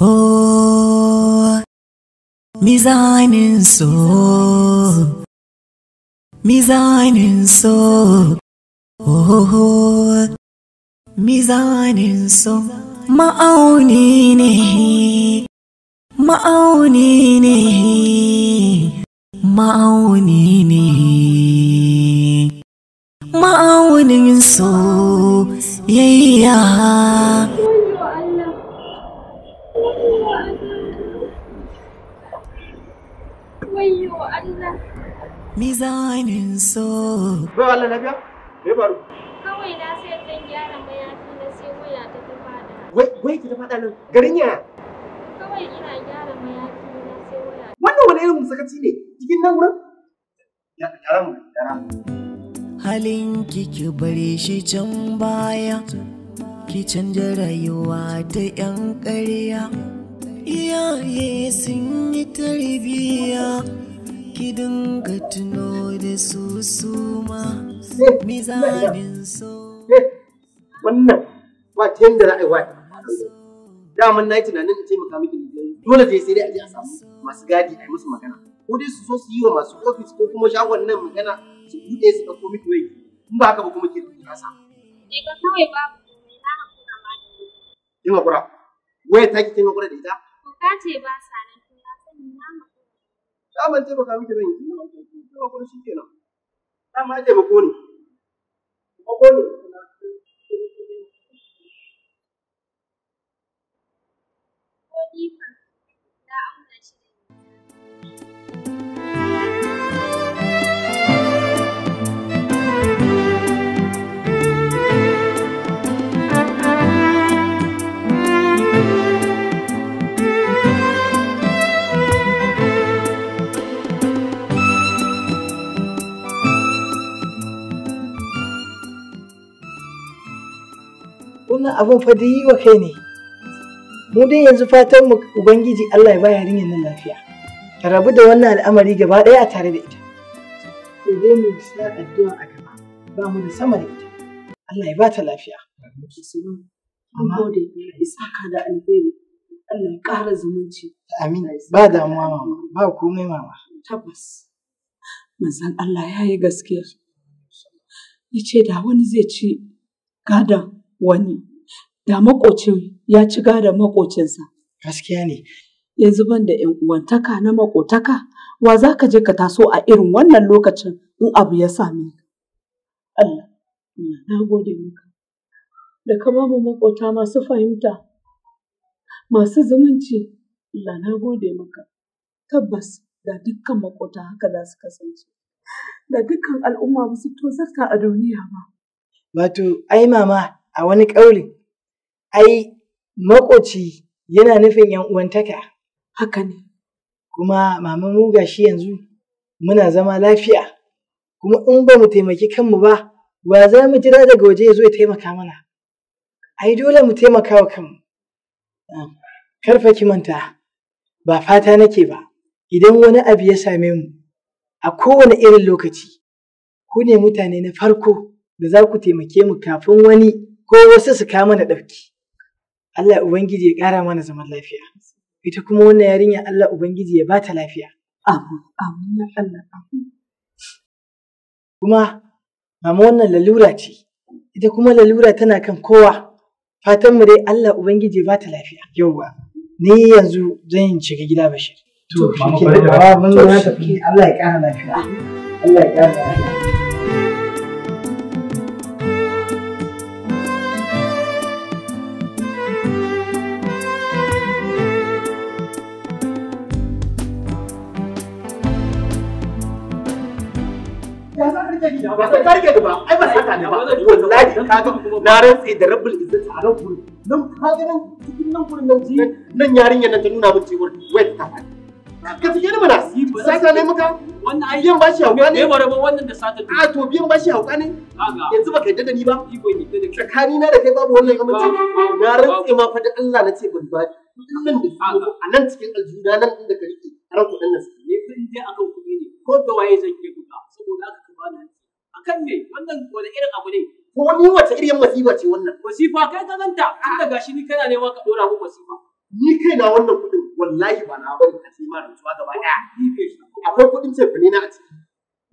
hô mi dài nên số mi dài nên số hô hô mi dài nên số ma ao ni ni ma ao ni ni ma ao ni ni ma ao nên số yeah Wayo Allah. Mizanin so. Bai Allah na biya Me faru? Kawai na sai zan gyara mayafi na sai waya ta ta fada. Wai wai ki ta fada nan garin yaya. Kawai ina gyara mayafi na sai waya. Wannan wani irin musakaci ne? Cikin nan wurin? Ya tara mu, tara. Halin kiki bare shi can baya. ki canja rayuwa ta 'yan ƙarya iyaye sun yi tarbiya ki dinga tuno da su su suma mizanin so wannan ba ta yadda za a yi wa daman na yi tunanin in taimaka miki dole sai sai dai a je a samu masu gadi a yi musu magana ko dai su so su yi wa masu ofis ko kuma shagon nan magana su buɗe su ɗauko miki wai in ba haka ba kuma ke da kasa. Ne ba kawai ba kin hakura waye ta ki kin da ita ka ce ba sa nan to na sani na hakura da ban ce baka miki ban kin hakura kin ta ma ce ko ni fa abin fa yi wa kai ne mu dai yanzu fatan mu ubangiji Allah ya ba yarinyar nan lafiya ka rabu da wannan al'amari gaba ɗaya a tare da ita to dai mu sa addu'a a gaba ba mu da sama da ita Allah ya ba ta lafiya Allah ya ƙara zumunci. Amin. Ba damuwa mama, ba komai mama. Tabbas. Manzon Allah ya yi gaskiya. Ya ce da wani zai ci gada wani da makocin ya ci da makocinsa. Gaskiya ne. Yanzu ban da ‘yan uwantaka na makotaka, wa za ka je ka taso a irin wannan lokacin in abu ya sami. Allah, na gode maka. Da kama mu makota masu fahimta, masu zumunci, Allah na gode maka. Tabbas da dukkan makota haka za su kasance. Da dukkan al'umma ba su tozarta a duniya ba. Wato, ai mama a wani ƙauri. ai makoci yana nufin yan uwantaka haka ne kuma mama mu gashi yanzu muna zama lafiya kuma in ba mu taimaki kanmu ba wa za mu jira daga waje ya zo ya taimaka mana ai dole mu taimaka wa kanmu karfa ki manta ba fata nake ba idan wani abu ya same mu a kowane irin lokaci ku ne mutane na farko da za ku taimake mu kafin wani ko wasu su kama mana ɗauki Allah Ubangiji ya ƙara mana zaman lafiya. Ita kuma wannan yarinya Allah Ubangiji ya bata lafiya. Amin, amin ya Allah, amin. Kuma, mama wannan lalura ce, ita kuma lalura tana kan kowa. Fatan mu dai Allah Ubangiji ya bata lafiya. Yauwa, ni yanzu zan yi shiga gida Bashir. To, shi ke Allah ya ƙara lafiya. Allah ya ƙara lafiya. ba sai ka ba ai ba ne ba wallahi ka ga na rantsi da rabbul izzati a nan gurin nan ka ga nan cikin nan gurin nan ji nan yarinyar nan ta nuna min cewa wai ta ka fiye ni mana sata ne maka wannan ai yan bashi hauka ne eh, ne wannan da sata a to biyan bashi hauka ne yanzu baka yadda da ni ba tsakani na da kai babu wannan aminci na rantsi ma Allah na ce ban ba nan da a nan cikin aljuna nan inda nan ne kun je akan kudi ne ko da waye zai wannan wani irin abu ne ko ni wace irin masifa ce wannan masifa kai ka zanta tun gashi ni kana nema ka dora mu masifa ni kai na wannan kudin wallahi ba na bari ka sai ma rantsuwa gaba daya akwai kudin ce ne na a ciki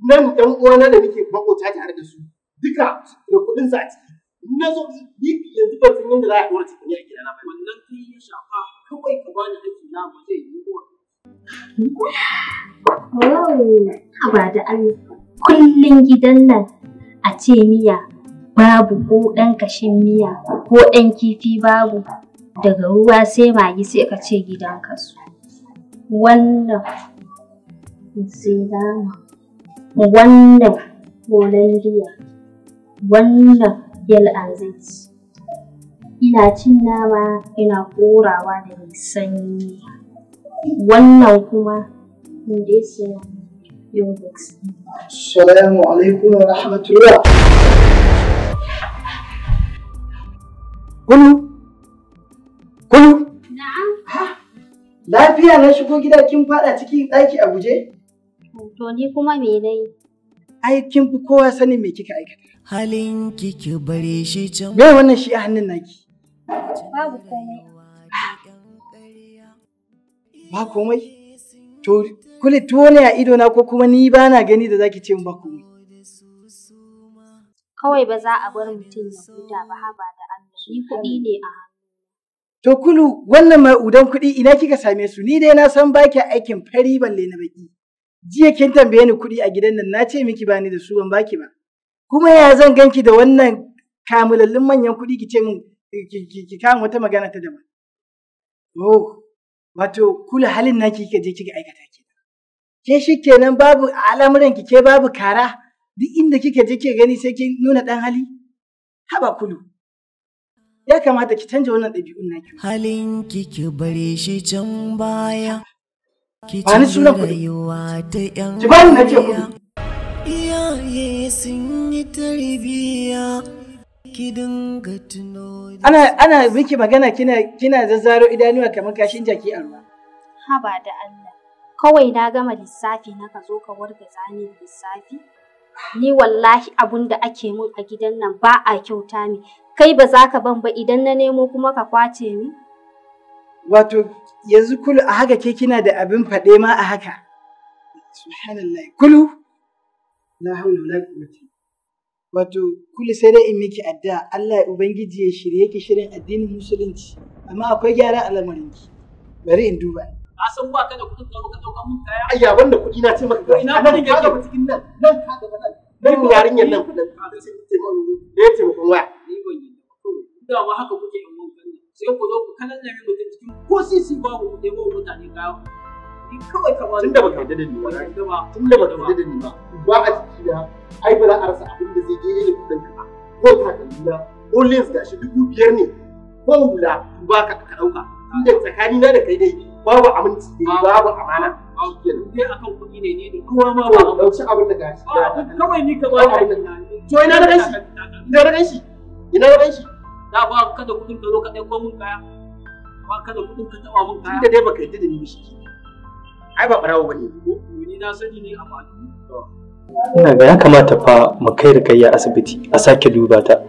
nan ɗan uwana da nake makota tare da su duka da kudin sa a ciki na zo ni yanzu ban san yadda za a dora cikin ya gidana ba wannan kai ya shafa kawai ka bani aiki na ba zai yi ba Wow, haba da Allah kullum gidan nan ce miya babu ko ɗan kashin miya ko ɗan kifi babu daga ruwa sai magi sai ka ce gidan kasu. Wannan sai wannan holandiya, wannan yal Ina cin nama ina korawa da mai sanyi. Wannan kuma inda ya السلام عليكم lafiya na shigo gida kin faɗa cikin ɗaki a guje? To kowa sanin me kika aikata. Halin Me wannan shi a hannun naki? Babu Ba komai? to kule tole a idona ko kuma ni ba na gani da zaki ce ba ku Kawai ba za a bar mutum ya huta ba ba da Allah ni ne a To kulu wannan mai udan kuɗi ina kika same su ni dai na san baki aikin fari balle na baki. Jiya kin tambaye ni kuɗi a gidan nan na ce miki ba ni da su ban baki ba. Kuma ya zan ganki da wannan kamulallin manyan kuɗi ki ce min ki kama wata magana ta daban. Oh, wato kula halin naki kika je kika aikata ke ke shi kenan babu al'amuran ki ke babu kara duk inda kika je kika gani sai kin nuna dan hali haba kulu ya kamata ki canja wannan ɗabi'un naki halin ki ki bare shi can baya ki ci rayuwa ta yan iyaye sun yi tarbiyya ana ana miki magana kina kina zazzaro idanuwa kamar kashin jaki a ruwa haba da Allah kawai na gama lissafi na ka zo ka wargaza ni lissafi ni wallahi abun da ake mun a gidan nan ba a kyauta ni kai ba za ka ban ba idan na nemo kuma ka kwace ni wato yanzu kulu a haka ke kina da abin faɗe ma a haka subhanallah kulu la hawla wala quwwata wato kuli sai dai in miki addu'a Allah ubangiji ya shirye ki shirin addinin musulunci amma akwai gyara a ki bari in duba a san ba ka da kudin da ka dauka mun kaya ayya banda kuɗi na ce maka ina kuɗin ka ga cikin nan nan ka ga nan nan yan nan kuɗin da sai ce mu wa ni ban yi da ba haka kuke in mun sai ku zo ku kanan da mutum cikin ko sisi babu ku ɗebo mutane kaya in kawai kamar tunda baka yarda da ni ba tunda baka yarda da ni ba ba a jikina ai ba za a rasa abin da zai je da kudin ka ba ko takalmina ko lens gashi dubu biyar ne ko hula ba ka ka dauka tunda tsakani na da kai dai babu aminci dai babu amana kenan dai akan kuɗi ne ne da kowa ma ba dauki abin da gashi kawai ni kamar da to ina da ganshi ina da ganshi ina da ganshi da ba ka da kudin ka zo ka ɗauko mun kaya ba ka da kudin ka taɓa mun kaya tunda dai baka yarda da ni ba ai ba barawo bane ni na sani ne amma ina ga ya kamata fa mu kai da rikayya asibiti a sake duba ta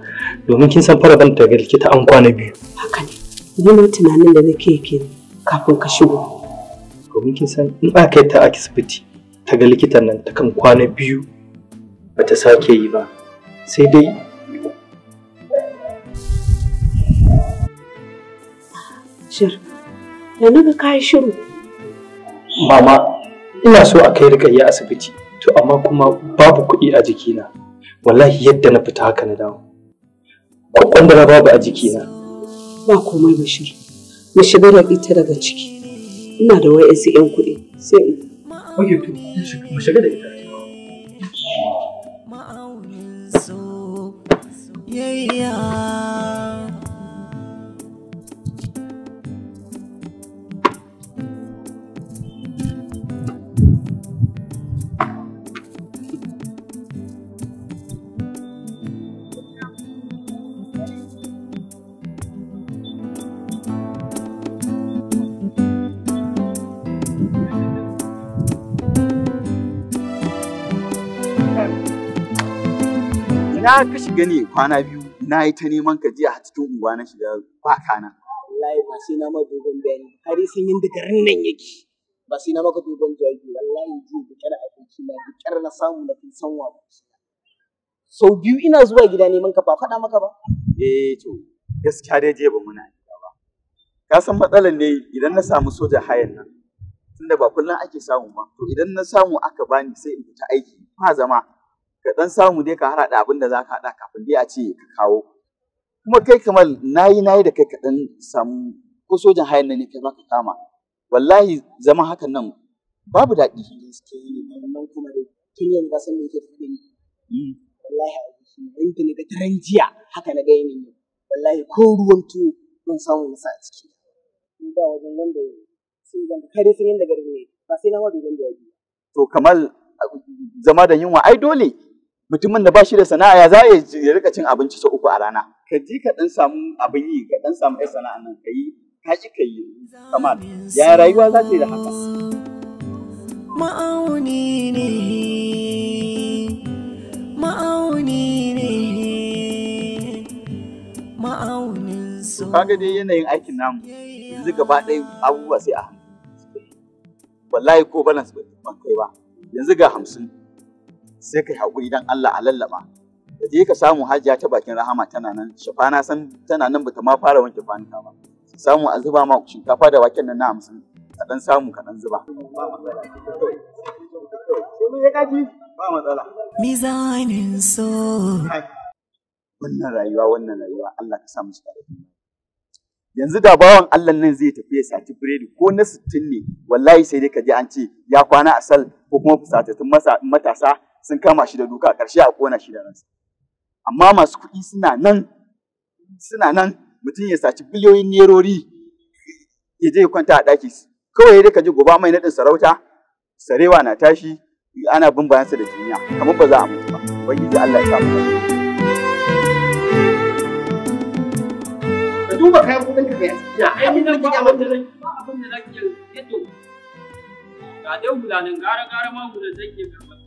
domin kin san ga daga likita an kwana biyu haka ne ne tunanin da nake ke kafin ka shigo domin kin san in aka kai ta asibiti ta ga likitan nan ta kan kwana biyu bata sake yi ba sai dai Shir, da naga kayi shiru mama ina so a kai rikayya asibiti to amma kuma babu kuɗi a jikina wallahi yadda na fita haka na dawo kuɗin da babu a jikina ba komai ba shi na shiga da ita daga ciki ina da wai su yan kuɗi sai in ok to mu shiga da ita yeah, yeah. na kashi shiga ne kwana biyu na yi ta neman ka jiya a cikin unguwa na shiga ba kana. Wallahi ba sai na ma dogon bayani har sun yin da garin nan yake. Ba sai na maka dogon jawabi wallahi jiya da kyar abinci na da kyar na samu na fin sanwa ba. Sau biyu ina zuwa gida neman ka ba faɗa maka ba. Eh to gaskiya dai jiya ba muna gida ba. Ka san matsalar ne idan na samu soja hayan nan. Tunda ba kullum ake samu ba. To idan na samu aka bani sai in fita aiki ba zama. ka dan samu dai ka hada da abin da za ka hada kafin dai a ce ka kawo kuma kai kamar nayi nayi da kai ka dan samu ko sojan hayan nan ne kai ma ka kama wallahi zama hakan nan babu daɗi nan kuma dai tun yanzu ka san me yake tafi ni hmm. wallahi a jiki inda na ga daren jiya haka na ga yini wallahi ko ruwan tuwo mun samu na masa a ciki in ba wajen wanda sai zan kare sun yanda garin ne ba sai na wadu wanda ya to kamar ah, zama da yunwa ai dole mutumin da ba shi da sana'a ya za ya rika cin abinci sau uku a rana ka ji ka dan samu abin yi ka dan samu ai sana'a nan ka yi ka ji ka yi kama ya rayuwa za ta yi da haka ma'auni ne ma'auni ne ma'aunin so kaga dai yanayin aikin namu yanzu gaba ɗaya abubuwa sai a hannu wallahi ko balance ba kai ba yanzu ga hamsin sai kai haƙuri don Allah a lallaba da je ka samu hajiya ta bakin rahama tana nan shafana san tana nan bata ma fara wanke kwanuka ba samu a zuba ma shinkafa da waken nan na hamsin ka dan samu ka dan zuba so wannan rayuwa wannan rayuwa Allah ka sa mu shiga yanzu da bawan Allah nan zai tafi ya saci biredi ko na sittin ne wallahi sai dai ka je an ce ya kwana a sal ko kuma fusatattun matasa sun kama shi da duka ƙarshe a ƙona shi da ransa amma masu kuɗi suna nan suna nan mutum ya saci biliyoyin nerori ya je kwanta a ɗaki kawai ya ka ji goba mai naɗin sarauta sarewa na tashi ana bin bayansa da duniya kamar ba za a mutu ba ubangiji Allah ya samu ka duba kayan kuɗin ka kai ya ai nan gida wanda da zan ba abin da zan yi eh ga dai hulanin gara gara ma zai zan yi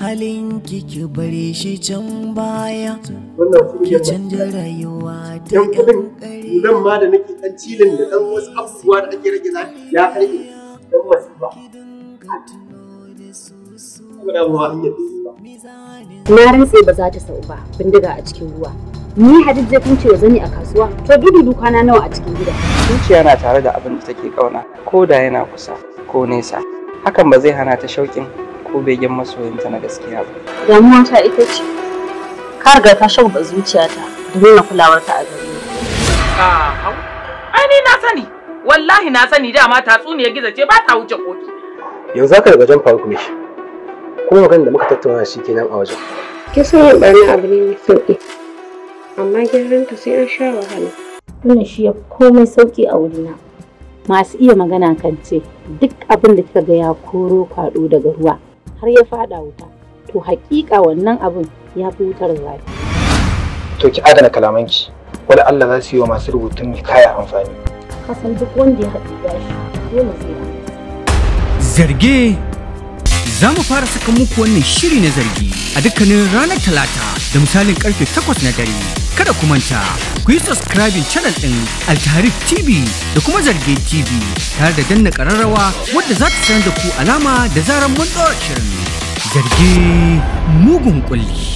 halin ki bare shi can baya ki canja rayuwa ta yan kare nan ma da nake dan cilin da dan wasu abubuwa da ake rage zafi ya karye dan ba na rantse ba za ta sau ba bindiga a cikin ruwa ni hadijja kun ce zani a kasuwa to dudu dukana nawa a cikin gida zuciya na tare da abin da take kauna ko da yana kusa ko nesa hakan ba zai hana ta shauƙin ko begen masoyinta na gaskiya ba. Damuwar ta ita ce, ka riga ka ba zuciyata da nuna kulawar ta a gare ni. Ah, Ai ni na sani, wallahi na sani dama tatsuniyar gizo ce ba ta wuce koki. Yanzu ka daga jan faru kuma shi, kuma magana da muka tattauna shi kenan a wajen. Kisan yin barna abu ne mai sauƙi, amma ta sai an sha wahala. Tuna shi ya komai sauƙi a wurina. masu iya magana kan ce duk abin da kika ga ya koro kwado daga ruwa har ya fada wuta to hakika wannan abun ya fi wutar zafi to ki adana kalamanki wanda Allah za su yi wa masu rubutun kaya amfani kasan duk wanda ya haɗu shi dole sai zarge za mu fara saka muku wannan shiri na zargi a dukkanin ranar talata da misalin karfe 8 na dare kada ku manta ku yi subscribing channel ɗin altarif tv da kuma zarge tv tare da danna ƙararrawa wadda za ta sanar da ku alama da zarar mun ɗora shirin zarge mugun ƙulli